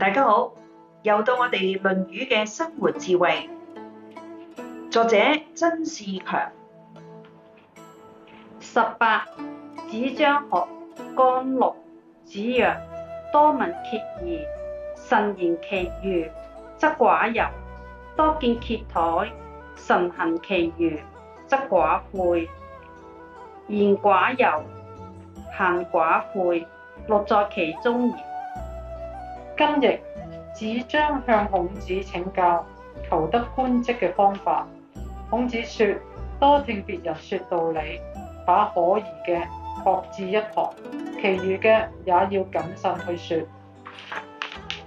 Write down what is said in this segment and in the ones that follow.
大家好，又到我哋《論語》嘅生活智慧，作者曾仕強。十八，子張學干祿，子曰：多聞闕疑，慎言其餘，則寡尤；多見闕殆，慎行其餘，則寡悔。言寡尤，行寡悔，祿在其中矣。今日只將向孔子請教求得官職嘅方法。孔子說：多聽別人説道理，把可疑嘅擱置一旁，其餘嘅也要謹慎去説，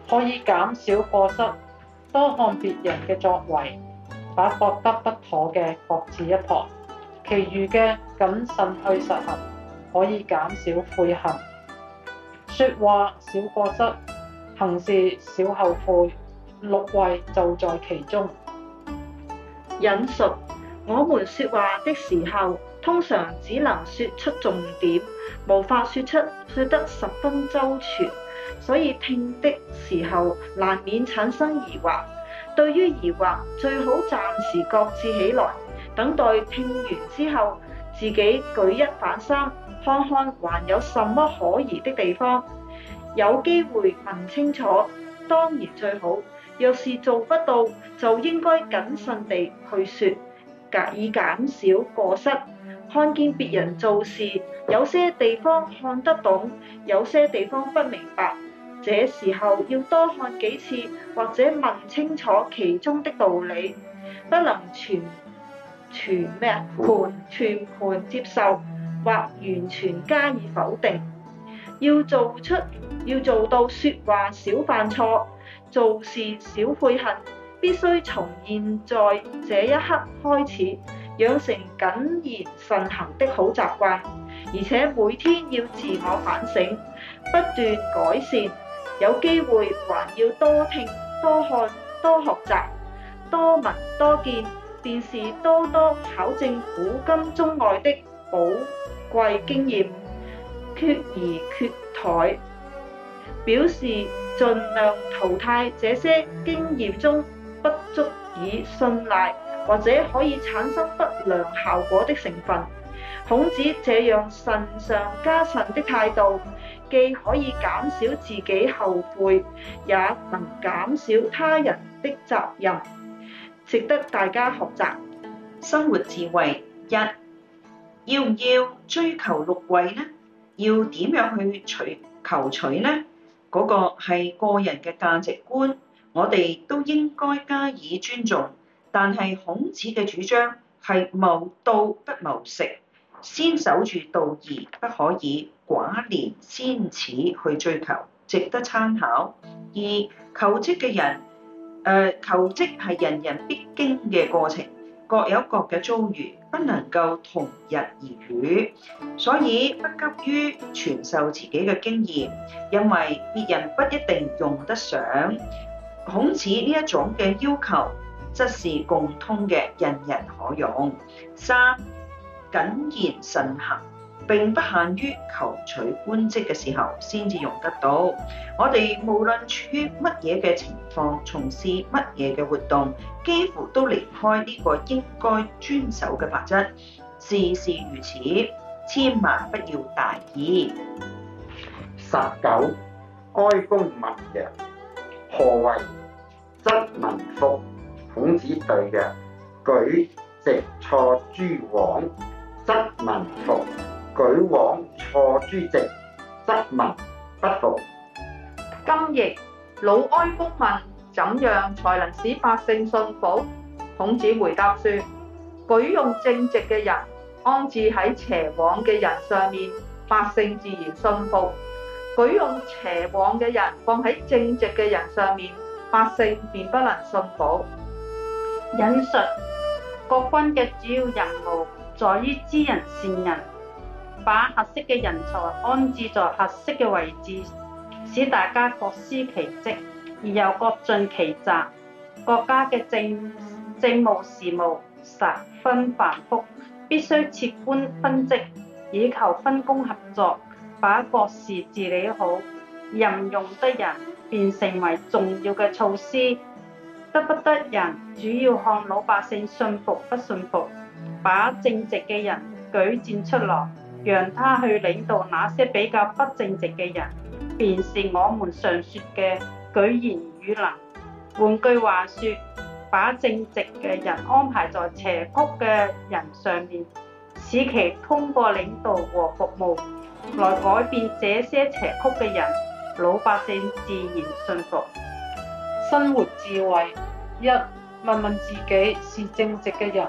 可以減少過失。多看別人嘅作為，把覺得不妥嘅擱置一旁，其餘嘅謹慎去實行，可以減少悔恨。説話少過失，行事少後悔，祿位就在其中。引述：我們說話的時候，通常只能說出重點，無法說出說得十分周全，所以聽的時候難免產生疑惑。對於疑惑，最好暫時擱置起來，等待聽完之後，自己舉一反三，看看還有什麼可疑的地方。有機會問清楚，當然最好。若是做不到，就應該謹慎地去説，假以減少過失。看見別人做事，有些地方看得懂，有些地方不明白，這時候要多看幾次，或者問清楚其中的道理，不能全，全咩啊？全盤，全盤接受，或完全加以否定。要做出，要做到說話少犯錯，做事少悔恨，必須從現在這一刻開始，養成謹言慎行的好習慣，而且每天要自我反省，不斷改善，有機會還要多聽，多看，多學習，多聞多見，便是多多考證古今中外的寶貴經驗。缺而缺台，表示盡量淘汰這些經驗中不足以信賴或者可以產生不良效果的成分。孔子這樣慎上加慎的態度，既可以減少自己後悔，也能減少他人的責任，值得大家學習。生活智慧一，要唔要追求祿位呢？要點樣去取求取呢？嗰、那個係個人嘅價值觀，我哋都應該加以尊重。但係孔子嘅主張係謀道不謀食，先守住道義，不可以寡廉鮮恥去追求，值得參考。而求職嘅人，誒、呃、求職係人人必經嘅過程。各有各嘅遭遇，不能夠同日而語，所以不急於傳授自己嘅經驗，因為別人不一定用得上。孔子呢一種嘅要求，則是共通嘅，人人可用。三、謹言慎行。並不限於求取官職嘅時候先至用得到，我哋無論處於乜嘢嘅情況，從事乜嘢嘅活動，幾乎都離唔開呢個應該遵守嘅法則。事事如此，千萬不要大意。十九，哀公問曰：何為則民服？孔子對曰：舉直錯諸枉，則民服。舉枉錯諸直，則民不服。今譯：魯哀公問：怎樣才能使百姓信服？孔子回答說：舉用正直嘅人，安置喺邪枉嘅人上面，百姓自然信服；舉用邪枉嘅人放喺正直嘅人上面，百姓便不能信服。引述：國君嘅主要任務在於知人善人。把合適嘅人才安置在合適嘅位置，使大家各司其職，而又各盡其責。國家嘅政政務事務十分繁複，必須設官分職，以求分工合作，把國事治理好。任用得人便成為重要嘅措施。得不得人，主要看老百姓信服不信服。把正直嘅人舉薦出來。讓他去領導那些比較不正直嘅人，便是我們常說嘅舉賢與能。換句話說，把正直嘅人安排在邪曲嘅人上面，使其通過領導和服務來改變這些邪曲嘅人，老百姓自然信服。生活智慧一，問問自己是正直嘅人，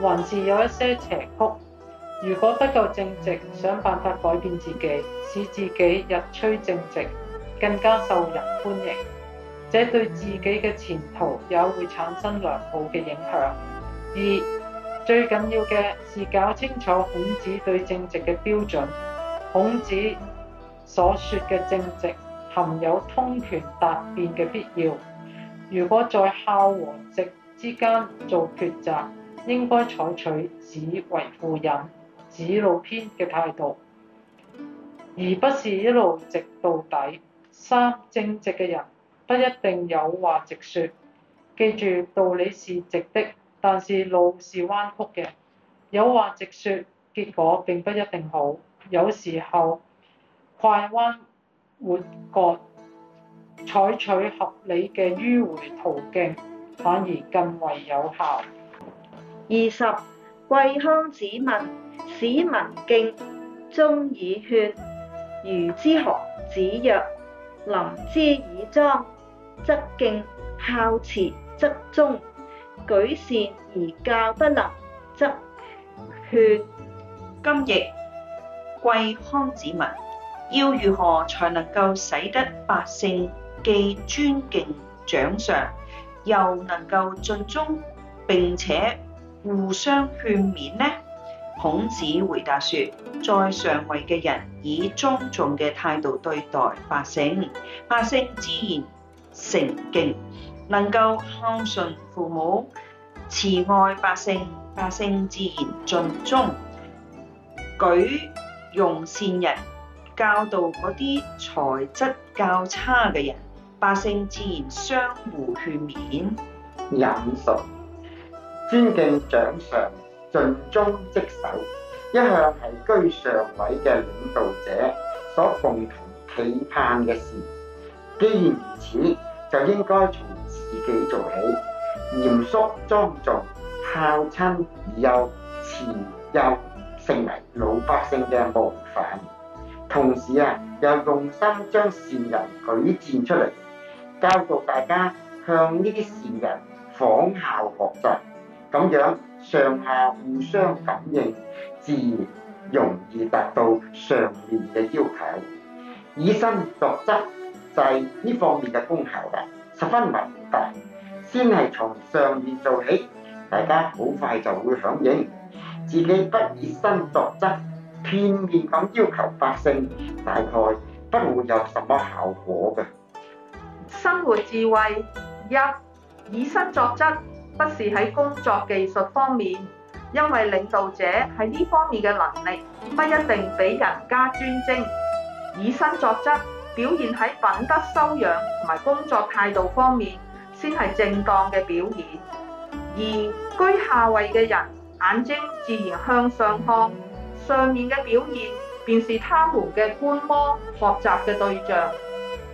還是有一些邪曲。如果不夠正直，想辦法改變自己，使自己日趨正直，更加受人歡迎，這對自己嘅前途也會產生良好嘅影響。二，最緊要嘅是搞清楚孔子對正直嘅標準。孔子所說嘅正直含有通權達變嘅必要。如果在孝和直之間做抉擇，應該採取子為父隱。20, 指路篇嘅態度，而不是一路直到底。三正直嘅人不一定有話直説，記住道理是直的，但是路是彎曲嘅。有話直説，結果並不一定好。有時候拐彎抹角，採取合理嘅迂迴途徑，反而更為有效。二十、季康子問。使民敬，忠以勸，如之何？子曰：臨之以莊，則敬；孝慈則忠；舉善而教不能，則勸。今亦季康子問，要如何才能夠使得百姓既尊敬長上，又能夠盡忠並且互相勸勉呢？孔子回答說：在上位嘅人以莊重嘅態度對待百姓，百姓自然誠敬；能夠孝順父母、慈愛百姓，百姓自然盡忠；舉用善人，教導嗰啲才質較差嘅人，百姓自然相互勸勉。」忍順、尊敬長上。盡忠職守，一向係居上位嘅領導者所共同期盼嘅事。既然如此，就應該從自己做起，嚴肅莊重，孝親幼、慈幼，成為老百姓嘅模範。同時啊，又用心將善人舉薦出嚟，教導大家向呢啲善人仿效學習，咁樣。上下互相感應，自然容易達到上面嘅要求。以身作則，就係、是、呢方面嘅功效啦，十分宏大。先係從上面做起，大家好快就會響應。自己不以身作則，片面咁要求百姓，大概不會有什麼效果嘅。生活智慧一：以身作則。不是喺工作技術方面，因為領導者喺呢方面嘅能力不一定比人家專精，以身作則，表現喺品德修養同埋工作態度方面先係正當嘅表現。而居下位嘅人眼睛自然向上看，上面嘅表現便是他們嘅觀摩學習嘅對象。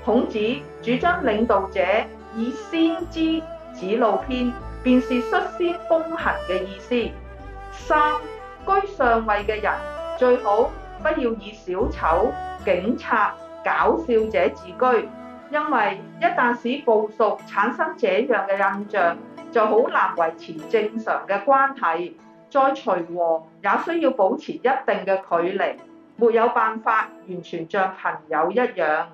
孔子主張領導者以先知指路篇。便是率先躬行嘅意思。三居上位嘅人最好不要以小丑、警察、搞笑者自居，因為一旦使部屬產生這樣嘅印象，就好難維持正常嘅關係，再隨和也需要保持一定嘅距離，沒有辦法完全像朋友一樣。